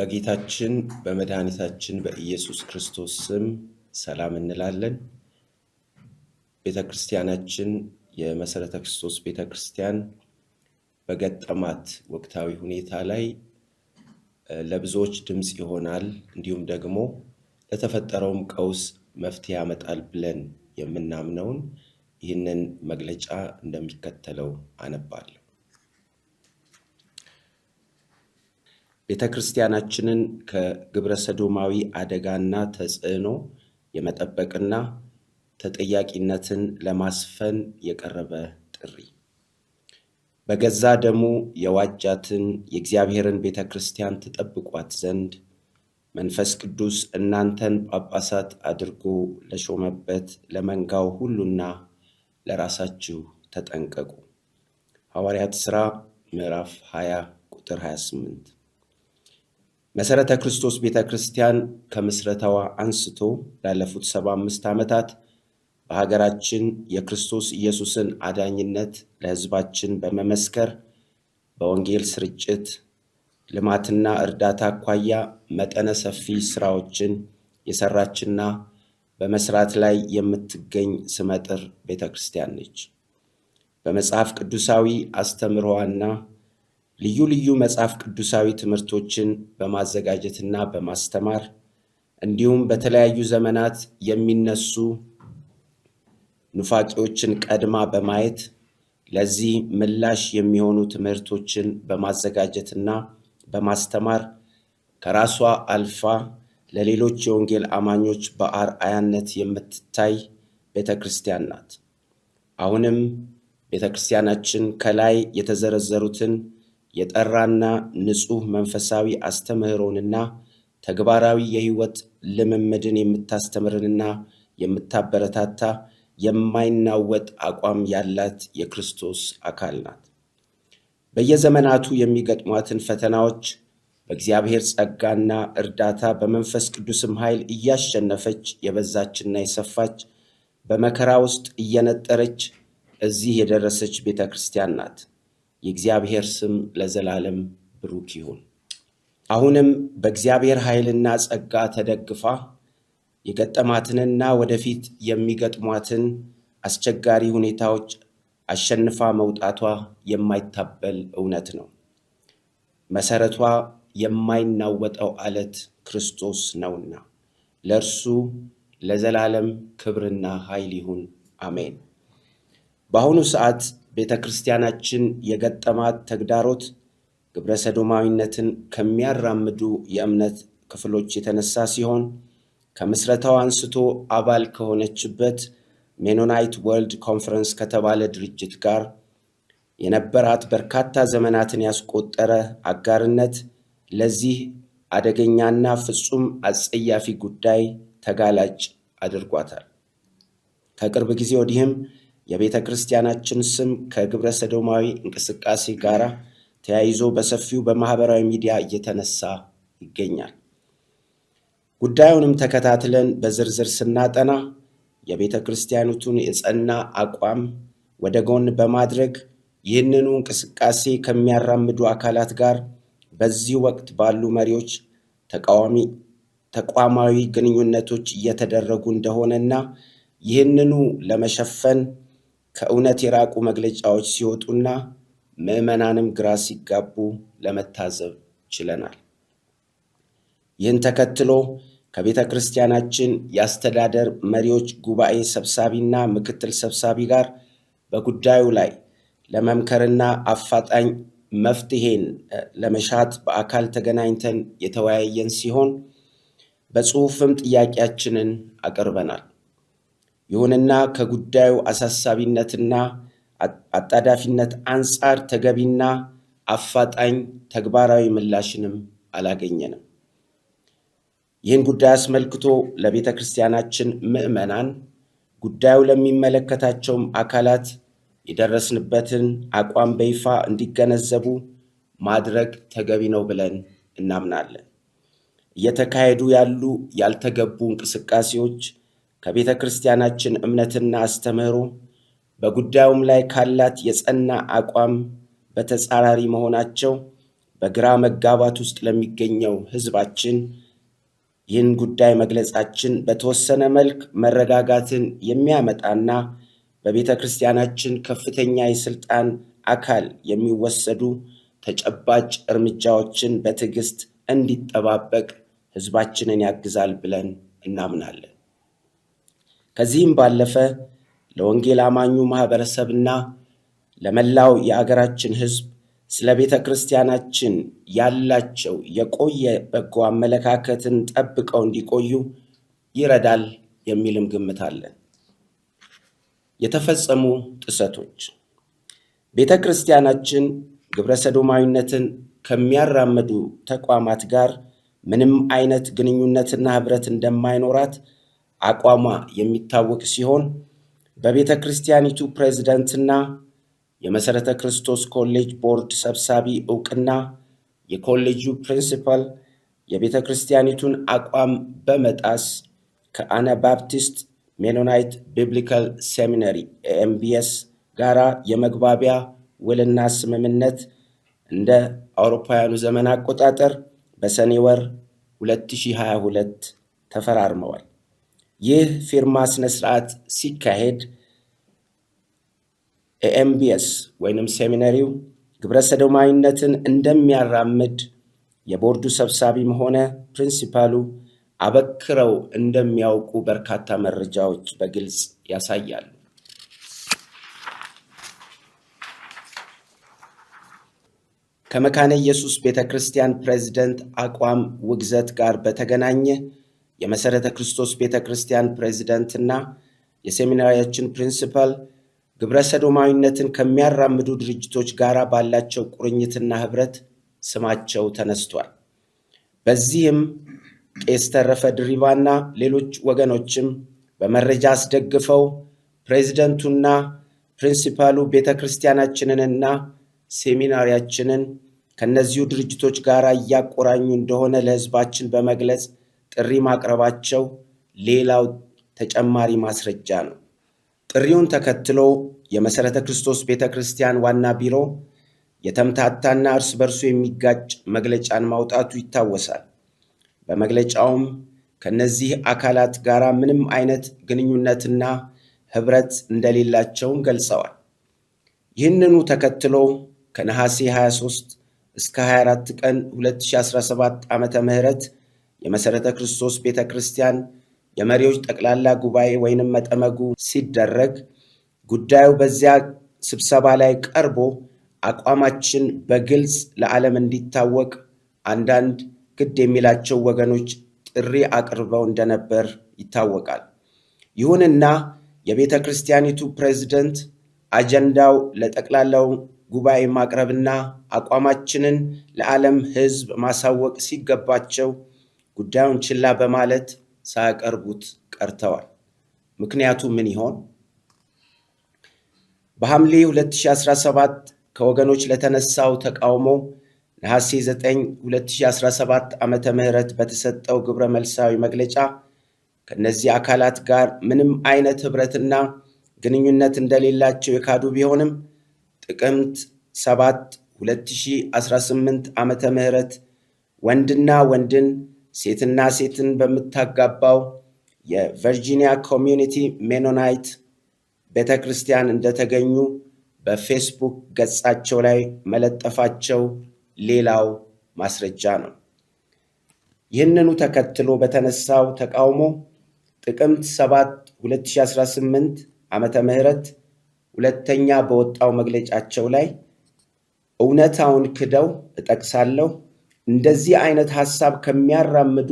በጌታችን በመድኃኒታችን በኢየሱስ ክርስቶስ ስም ሰላም እንላለን። ቤተ ክርስቲያናችን የመሰረተ ክርስቶስ ቤተ ክርስቲያን በገጠማት ወቅታዊ ሁኔታ ላይ ለብዙዎች ድምፅ ይሆናል፣ እንዲሁም ደግሞ ለተፈጠረውም ቀውስ መፍትሄ ያመጣል ብለን የምናምነውን ይህንን መግለጫ እንደሚከተለው አነባለሁ። ቤተ ክርስቲያናችንን ከግብረ ሰዶማዊ አደጋና ተጽዕኖ የመጠበቅና ተጠያቂነትን ለማስፈን የቀረበ ጥሪ። በገዛ ደሙ የዋጃትን የእግዚአብሔርን ቤተ ክርስቲያን ትጠብቋት ዘንድ መንፈስ ቅዱስ እናንተን ጳጳሳት አድርጎ ለሾመበት ለመንጋው ሁሉና ለራሳችሁ ተጠንቀቁ። ሐዋርያት ሥራ ምዕራፍ 20 ቁጥር 28 መሰረተ ክርስቶስ ቤተ ክርስቲያን ከምስረታዋ አንስቶ ላለፉት ሰባ አምስት ዓመታት በሀገራችን የክርስቶስ ኢየሱስን አዳኝነት ለሕዝባችን በመመስከር በወንጌል ስርጭት ልማትና እርዳታ አኳያ መጠነ ሰፊ ስራዎችን የሰራችና በመስራት ላይ የምትገኝ ስመጥር ቤተ ክርስቲያን ነች። በመጽሐፍ ቅዱሳዊ አስተምሮዋና ልዩ ልዩ መጽሐፍ ቅዱሳዊ ትምህርቶችን በማዘጋጀትና በማስተማር እንዲሁም በተለያዩ ዘመናት የሚነሱ ኑፋቂዎችን ቀድማ በማየት ለዚህ ምላሽ የሚሆኑ ትምህርቶችን በማዘጋጀትና በማስተማር ከራሷ አልፋ ለሌሎች የወንጌል አማኞች በአርአያነት የምትታይ ቤተ ክርስቲያን ናት። አሁንም ቤተ ክርስቲያናችን ከላይ የተዘረዘሩትን የጠራና ንጹህ መንፈሳዊ አስተምህሮንና ተግባራዊ የህይወት ልምምድን የምታስተምርንና የምታበረታታ የማይናወጥ አቋም ያላት የክርስቶስ አካል ናት። በየዘመናቱ የሚገጥሟትን ፈተናዎች በእግዚአብሔር ጸጋና እርዳታ በመንፈስ ቅዱስም ኃይል እያሸነፈች የበዛችና የሰፋች በመከራ ውስጥ እየነጠረች እዚህ የደረሰች ቤተ ክርስቲያን ናት። የእግዚአብሔር ስም ለዘላለም ብሩክ ይሁን። አሁንም በእግዚአብሔር ኃይልና ጸጋ ተደግፋ የገጠማትንና ወደፊት የሚገጥሟትን አስቸጋሪ ሁኔታዎች አሸንፋ መውጣቷ የማይታበል እውነት ነው። መሰረቷ የማይናወጠው አለት ክርስቶስ ነውና ለእርሱ ለዘላለም ክብርና ኃይል ይሁን፣ አሜን። በአሁኑ ሰዓት ቤተ ክርስቲያናችን የገጠማት ተግዳሮት ግብረ ሰዶማዊነትን ከሚያራምዱ የእምነት ክፍሎች የተነሳ ሲሆን ከምስረታው አንስቶ አባል ከሆነችበት ሜኖናይት ወርልድ ኮንፈረንስ ከተባለ ድርጅት ጋር የነበራት በርካታ ዘመናትን ያስቆጠረ አጋርነት ለዚህ አደገኛና ፍጹም አጸያፊ ጉዳይ ተጋላጭ አድርጓታል። ከቅርብ ጊዜ ወዲህም የቤተ ክርስቲያናችን ስም ከግብረ ሰዶማዊ እንቅስቃሴ ጋር ተያይዞ በሰፊው በማህበራዊ ሚዲያ እየተነሳ ይገኛል። ጉዳዩንም ተከታትለን በዝርዝር ስናጠና የቤተ ክርስቲያኒቱን የጸና አቋም ወደ ጎን በማድረግ ይህንኑ እንቅስቃሴ ከሚያራምዱ አካላት ጋር በዚህ ወቅት ባሉ መሪዎች ተቃዋሚ ተቋማዊ ግንኙነቶች እየተደረጉ እንደሆነና ይህንኑ ለመሸፈን ከእውነት የራቁ መግለጫዎች ሲወጡና ምዕመናንም ግራ ሲጋቡ ለመታዘብ ችለናል። ይህን ተከትሎ ከቤተ ክርስቲያናችን የአስተዳደር መሪዎች ጉባኤ ሰብሳቢና ምክትል ሰብሳቢ ጋር በጉዳዩ ላይ ለመምከርና አፋጣኝ መፍትሄን ለመሻት በአካል ተገናኝተን የተወያየን ሲሆን በጽሑፍም ጥያቄያችንን አቅርበናል። ይሁንና ከጉዳዩ አሳሳቢነትና አጣዳፊነት አንጻር ተገቢና አፋጣኝ ተግባራዊ ምላሽንም አላገኘንም። ይህን ጉዳይ አስመልክቶ ለቤተ ክርስቲያናችን ምዕመናን፣ ጉዳዩ ለሚመለከታቸውም አካላት የደረስንበትን አቋም በይፋ እንዲገነዘቡ ማድረግ ተገቢ ነው ብለን እናምናለን። እየተካሄዱ ያሉ ያልተገቡ እንቅስቃሴዎች ከቤተ ክርስቲያናችን እምነትና አስተምህሮ በጉዳዩም ላይ ካላት የጸና አቋም በተጻራሪ መሆናቸው በግራ መጋባት ውስጥ ለሚገኘው ሕዝባችን ይህን ጉዳይ መግለጻችን በተወሰነ መልክ መረጋጋትን የሚያመጣና በቤተ ክርስቲያናችን ከፍተኛ የስልጣን አካል የሚወሰዱ ተጨባጭ እርምጃዎችን በትዕግስት እንዲጠባበቅ ሕዝባችንን ያግዛል ብለን እናምናለን። ከዚህም ባለፈ ለወንጌል አማኙ ማህበረሰብና ለመላው የአገራችን ህዝብ ስለ ቤተ ክርስቲያናችን ያላቸው የቆየ በጎ አመለካከትን ጠብቀው እንዲቆዩ ይረዳል የሚልም ግምት አለን። የተፈጸሙ ጥሰቶች ቤተ ክርስቲያናችን ግብረ ሰዶማዊነትን ከሚያራምዱ ተቋማት ጋር ምንም አይነት ግንኙነትና ህብረት እንደማይኖራት አቋሟ የሚታወቅ ሲሆን በቤተ ክርስቲያኒቱ ፕሬዝደንትና የመሠረተ ክርስቶስ ኮሌጅ ቦርድ ሰብሳቢ እውቅና የኮሌጁ ፕሪንሲፓል የቤተ ክርስቲያኒቱን አቋም በመጣስ ከአነባፕቲስት ሜኖናይት ቢብሊካል ሴሚነሪ ኤምቢኤስ ጋራ የመግባቢያ ውልና ስምምነት እንደ አውሮፓውያኑ ዘመን አቆጣጠር በሰኔ ወር 2022 ተፈራርመዋል። ይህ ፊርማ ስነስርዓት ሲካሄድ ኤኤምቢኤስ ወይንም ሴሚናሪው ግብረ ሰዶማዊነትን እንደሚያራምድ የቦርዱ ሰብሳቢም ሆነ ፕሪንሲፓሉ አበክረው እንደሚያውቁ በርካታ መረጃዎች በግልጽ ያሳያሉ። ከመካነ ኢየሱስ ቤተ ክርስቲያን ፕሬዝደንት አቋም ውግዘት ጋር በተገናኘ የመሠረተ ክርስቶስ ቤተ ክርስቲያን ፕሬዚደንትና የሴሚናሪያችን ፕሪንሲፐል ግብረ ሰዶማዊነትን ከሚያራምዱ ድርጅቶች ጋር ባላቸው ቁርኝትና ህብረት ስማቸው ተነስቷል። በዚህም ቄስ ተረፈ ድሪባና ሌሎች ወገኖችም በመረጃ አስደግፈው ፕሬዚደንቱና ፕሪንሲፓሉ ቤተ ክርስቲያናችንንና ሴሚናሪያችንን ከእነዚሁ ድርጅቶች ጋር እያቆራኙ እንደሆነ ለህዝባችን በመግለጽ ጥሪ ማቅረባቸው ሌላው ተጨማሪ ማስረጃ ነው። ጥሪውን ተከትሎ የመሠረተ ክርስቶስ ቤተ ክርስቲያን ዋና ቢሮ የተምታታና እርስ በርሱ የሚጋጭ መግለጫን ማውጣቱ ይታወሳል። በመግለጫውም ከእነዚህ አካላት ጋር ምንም አይነት ግንኙነትና ኅብረት እንደሌላቸውም ገልጸዋል። ይህንኑ ተከትሎ ከነሐሴ 23 እስከ 24 ቀን 2017 ዓመተ ምህረት የመሠረተ ክርስቶስ ቤተ ክርስቲያን የመሪዎች ጠቅላላ ጉባኤ ወይንም መጠመጉ ሲደረግ ጉዳዩ በዚያ ስብሰባ ላይ ቀርቦ አቋማችን በግልጽ ለዓለም እንዲታወቅ አንዳንድ ግድ የሚላቸው ወገኖች ጥሪ አቅርበው እንደነበር ይታወቃል። ይሁንና የቤተ ክርስቲያኒቱ ፕሬዝደንት አጀንዳው ለጠቅላላው ጉባኤ ማቅረብና አቋማችንን ለዓለም ሕዝብ ማሳወቅ ሲገባቸው ጉዳዩን ችላ በማለት ሳያቀርቡት ቀርተዋል። ምክንያቱ ምን ይሆን? በሐምሌ 2017 ከወገኖች ለተነሳው ተቃውሞ ነሐሴ 9 2017 ዓ ም በተሰጠው ግብረ መልሳዊ መግለጫ ከእነዚህ አካላት ጋር ምንም አይነት ኅብረትና ግንኙነት እንደሌላቸው የካዱ ቢሆንም ጥቅምት 7 2018 ዓ ም ወንድና ወንድን ሴትና ሴትን በምታጋባው የቨርጂኒያ ኮሚዩኒቲ ሜኖናይት ቤተ ክርስቲያን እንደተገኙ በፌስቡክ ገጻቸው ላይ መለጠፋቸው ሌላው ማስረጃ ነው። ይህንኑ ተከትሎ በተነሳው ተቃውሞ ጥቅምት 7 2018 ዓመተ ምህረት ሁለተኛ በወጣው መግለጫቸው ላይ እውነታውን ክደው እጠቅሳለሁ እንደዚህ አይነት ሐሳብ ከሚያራምዱ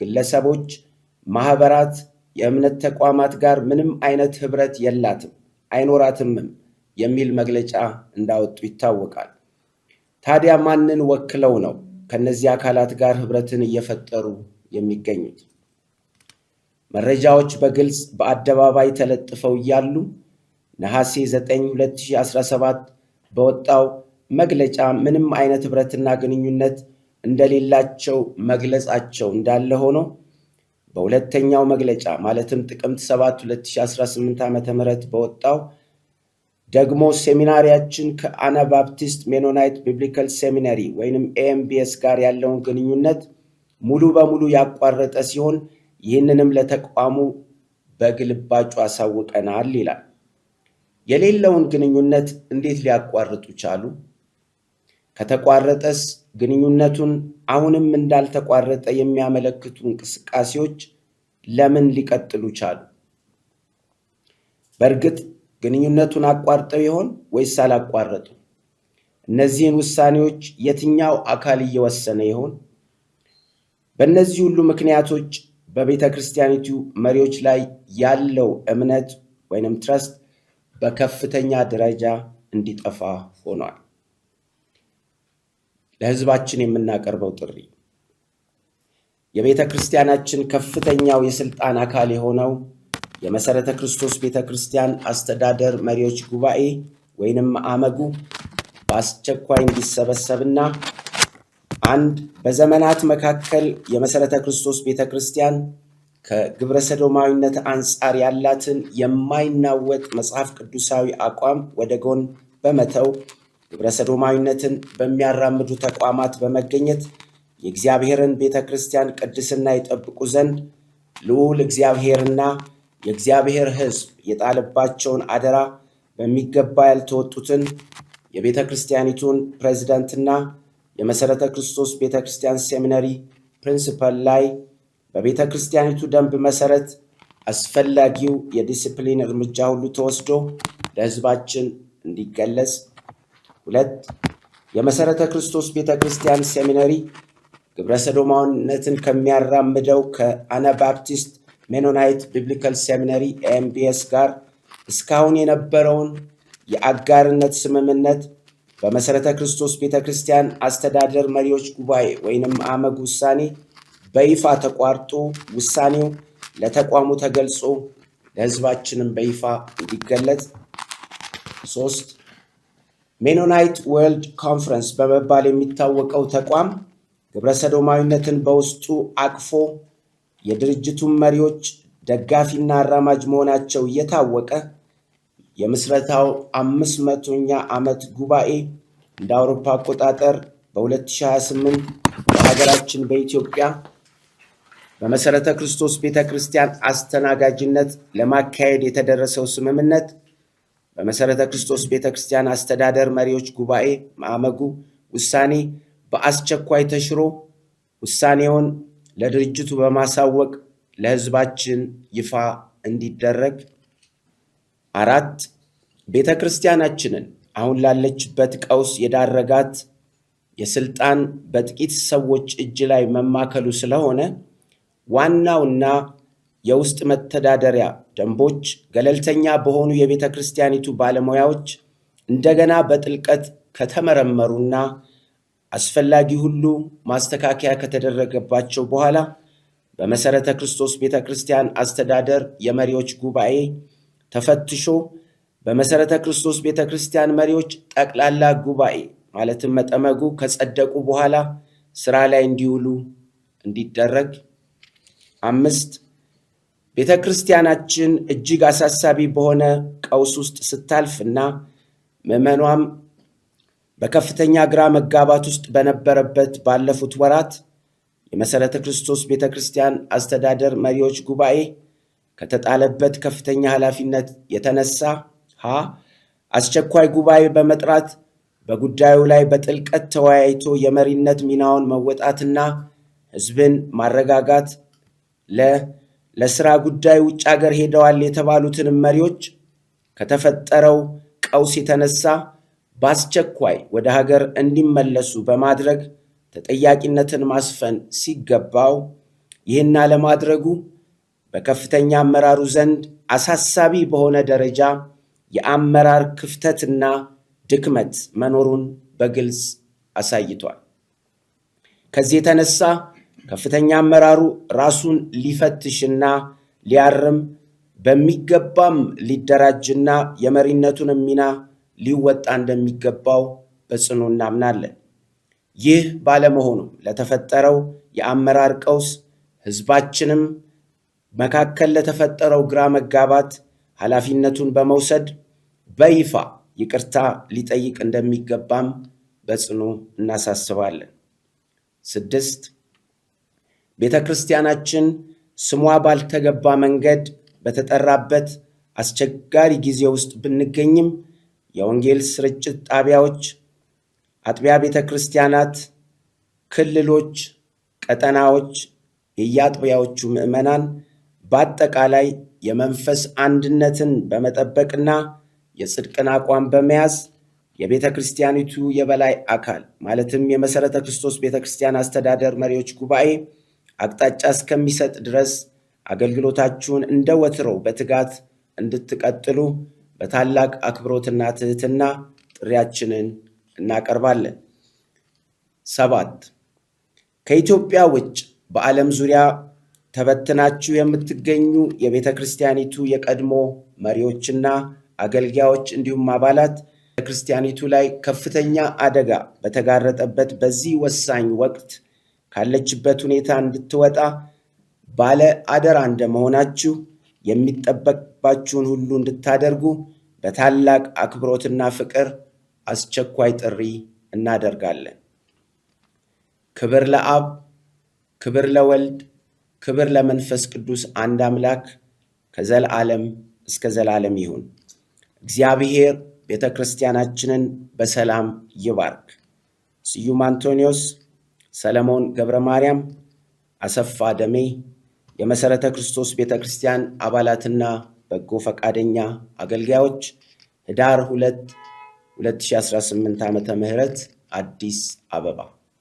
ግለሰቦች፣ ማኅበራት፣ የእምነት ተቋማት ጋር ምንም አይነት ኅብረት የላትም አይኖራትምም የሚል መግለጫ እንዳወጡ ይታወቃል። ታዲያ ማንን ወክለው ነው ከነዚህ አካላት ጋር ኅብረትን እየፈጠሩ የሚገኙት? መረጃዎች በግልጽ በአደባባይ ተለጥፈው እያሉ ነሐሴ 9 2017 በወጣው መግለጫ ምንም አይነት ኅብረትና ግንኙነት እንደሌላቸው መግለጻቸው እንዳለ ሆኖ በሁለተኛው መግለጫ ማለትም ጥቅምት 7 2018 ዓ ም በወጣው ደግሞ ሴሚናሪያችን ከአናባፕቲስት ሜኖናይት ቢብሊካል ሴሚናሪ ወይንም ኤኤምቢኤስ ጋር ያለውን ግንኙነት ሙሉ በሙሉ ያቋረጠ ሲሆን ይህንንም ለተቋሙ በግልባጩ አሳውቀናል ይላል። የሌለውን ግንኙነት እንዴት ሊያቋርጡ ቻሉ? ከተቋረጠስ ግንኙነቱን አሁንም እንዳልተቋረጠ የሚያመለክቱ እንቅስቃሴዎች ለምን ሊቀጥሉ ቻሉ? በእርግጥ ግንኙነቱን አቋርጠው ይሆን ወይስ አላቋረጡ? እነዚህን ውሳኔዎች የትኛው አካል እየወሰነ ይሆን? በእነዚህ ሁሉ ምክንያቶች በቤተ ክርስቲያኒቱ መሪዎች ላይ ያለው እምነት ወይንም ትረስት በከፍተኛ ደረጃ እንዲጠፋ ሆኗል። ለህዝባችን የምናቀርበው ጥሪ የቤተ ክርስቲያናችን ከፍተኛው የስልጣን አካል የሆነው የመሠረተ ክርስቶስ ቤተ ክርስቲያን አስተዳደር መሪዎች ጉባኤ ወይንም አመጉ በአስቸኳይ እንዲሰበሰብና አንድ በዘመናት መካከል የመሠረተ ክርስቶስ ቤተ ክርስቲያን ከግብረ ሰዶማዊነት አንጻር ያላትን የማይናወጥ መጽሐፍ ቅዱሳዊ አቋም ወደ ጎን በመተው ግብረ ሰዶማዊነትን በሚያራምዱ ተቋማት በመገኘት የእግዚአብሔርን ቤተ ክርስቲያን ቅድስና ይጠብቁ ዘንድ ልዑል እግዚአብሔርና የእግዚአብሔር ሕዝብ የጣለባቸውን አደራ በሚገባ ያልተወጡትን የቤተ ክርስቲያኒቱን ፕሬዝዳንትና የመሠረተ ክርስቶስ ቤተ ክርስቲያን ሴሚነሪ ፕሪንስፐል ላይ በቤተ ክርስቲያኒቱ ደንብ መሠረት አስፈላጊው የዲስፕሊን እርምጃ ሁሉ ተወስዶ ለሕዝባችን እንዲገለጽ ሁለት የመሠረተ ክርስቶስ ቤተ ክርስቲያን ሴሚነሪ ግብረ ሰዶማዊነትን ከሚያራምደው ከአናባፕቲስት ሜኖናይት ቢብሊካል ሴሚነሪ ኤምቢኤስ ጋር እስካሁን የነበረውን የአጋርነት ስምምነት በመሠረተ ክርስቶስ ቤተ ክርስቲያን አስተዳደር መሪዎች ጉባኤ ወይንም አመግ ውሳኔ በይፋ ተቋርጦ ውሳኔው ለተቋሙ ተገልጾ ለሕዝባችንም በይፋ እንዲገለጽ ሶስት ሜኖናይት ወርልድ ኮንፈረንስ በመባል የሚታወቀው ተቋም ግብረ ሰዶማዊነትን በውስጡ አቅፎ የድርጅቱን መሪዎች ደጋፊና አራማጅ መሆናቸው እየታወቀ የምስረታው አምስት መቶኛ ዓመት ጉባኤ እንደ አውሮፓ አቆጣጠር በ2028 በሀገራችን በኢትዮጵያ በመሰረተ ክርስቶስ ቤተ ክርስቲያን አስተናጋጅነት ለማካሄድ የተደረሰው ስምምነት በመሰረተ ክርስቶስ ቤተ ክርስቲያን አስተዳደር መሪዎች ጉባኤ ማመጉ ውሳኔ በአስቸኳይ ተሽሮ ውሳኔውን ለድርጅቱ በማሳወቅ ለሕዝባችን ይፋ እንዲደረግ። አራት ቤተ ክርስቲያናችንን አሁን ላለችበት ቀውስ የዳረጋት የስልጣን በጥቂት ሰዎች እጅ ላይ መማከሉ ስለሆነ ዋናውና የውስጥ መተዳደሪያ ደንቦች ገለልተኛ በሆኑ የቤተ ክርስቲያኒቱ ባለሙያዎች እንደገና በጥልቀት ከተመረመሩና አስፈላጊ ሁሉ ማስተካከያ ከተደረገባቸው በኋላ በመሠረተ ክርስቶስ ቤተ ክርስቲያን አስተዳደር የመሪዎች ጉባኤ ተፈትሾ በመሠረተ ክርስቶስ ቤተ ክርስቲያን መሪዎች ጠቅላላ ጉባኤ ማለትም መጠመጉ ከጸደቁ በኋላ ስራ ላይ እንዲውሉ እንዲደረግ አምስት ቤተ ክርስቲያናችን እጅግ አሳሳቢ በሆነ ቀውስ ውስጥ ስታልፍ እና ምዕመኗም በከፍተኛ ግራ መጋባት ውስጥ በነበረበት ባለፉት ወራት የመሠረተ ክርስቶስ ቤተ ክርስቲያን አስተዳደር መሪዎች ጉባኤ ከተጣለበት ከፍተኛ ኃላፊነት የተነሳ ሀ አስቸኳይ ጉባኤ በመጥራት በጉዳዩ ላይ በጥልቀት ተወያይቶ የመሪነት ሚናውን መወጣትና ሕዝብን ማረጋጋት ለ ለስራ ጉዳይ ውጭ አገር ሄደዋል የተባሉትን መሪዎች ከተፈጠረው ቀውስ የተነሳ በአስቸኳይ ወደ ሀገር እንዲመለሱ በማድረግ ተጠያቂነትን ማስፈን ሲገባው ይህን አለማድረጉ በከፍተኛ አመራሩ ዘንድ አሳሳቢ በሆነ ደረጃ የአመራር ክፍተትና ድክመት መኖሩን በግልጽ አሳይቷል። ከዚህ የተነሳ ከፍተኛ አመራሩ ራሱን ሊፈትሽና ሊያርም በሚገባም ሊደራጅና የመሪነቱን ሚና ሊወጣ እንደሚገባው በጽኑ እናምናለን። ይህ ባለመሆኑ ለተፈጠረው የአመራር ቀውስ ህዝባችንም መካከል ለተፈጠረው ግራ መጋባት ኃላፊነቱን በመውሰድ በይፋ ይቅርታ ሊጠይቅ እንደሚገባም በጽኑ እናሳስባለን። ስድስት ቤተ ክርስቲያናችን ስሟ ባልተገባ መንገድ በተጠራበት አስቸጋሪ ጊዜ ውስጥ ብንገኝም የወንጌል ስርጭት ጣቢያዎች፣ አጥቢያ ቤተ ክርስቲያናት፣ ክልሎች፣ ቀጠናዎች፣ የየአጥቢያዎቹ ምዕመናን በአጠቃላይ የመንፈስ አንድነትን በመጠበቅና የጽድቅን አቋም በመያዝ የቤተ ክርስቲያኒቱ የበላይ አካል ማለትም የመሠረተ ክርስቶስ ቤተ ክርስቲያን አስተዳደር መሪዎች ጉባኤ አቅጣጫ እስከሚሰጥ ድረስ አገልግሎታችሁን እንደ ወትሮው በትጋት እንድትቀጥሉ በታላቅ አክብሮትና ትህትና ጥሪያችንን እናቀርባለን። ሰባት ከኢትዮጵያ ውጭ በዓለም ዙሪያ ተበትናችሁ የምትገኙ የቤተ ክርስቲያኒቱ የቀድሞ መሪዎችና አገልጋዮች እንዲሁም አባላት በክርስቲያኒቱ ላይ ከፍተኛ አደጋ በተጋረጠበት በዚህ ወሳኝ ወቅት ካለችበት ሁኔታ እንድትወጣ ባለ አደራ እንደመሆናችሁ የሚጠበቅባችሁን ሁሉ እንድታደርጉ በታላቅ አክብሮትና ፍቅር አስቸኳይ ጥሪ እናደርጋለን። ክብር ለአብ፣ ክብር ለወልድ፣ ክብር ለመንፈስ ቅዱስ አንድ አምላክ ከዘላለም እስከ ዘላለም ይሁን። እግዚአብሔር ቤተ ክርስቲያናችንን በሰላም ይባርክ። ስዩም አንቶኒዮስ ሰለሞን ገብረ ማርያም፣ አሰፋ ደሜ የመሰረተ ክርስቶስ ቤተ ክርስቲያን አባላትና በጎ ፈቃደኛ አገልጋዮች ህዳር 2 2018 ምህረት አዲስ አበባ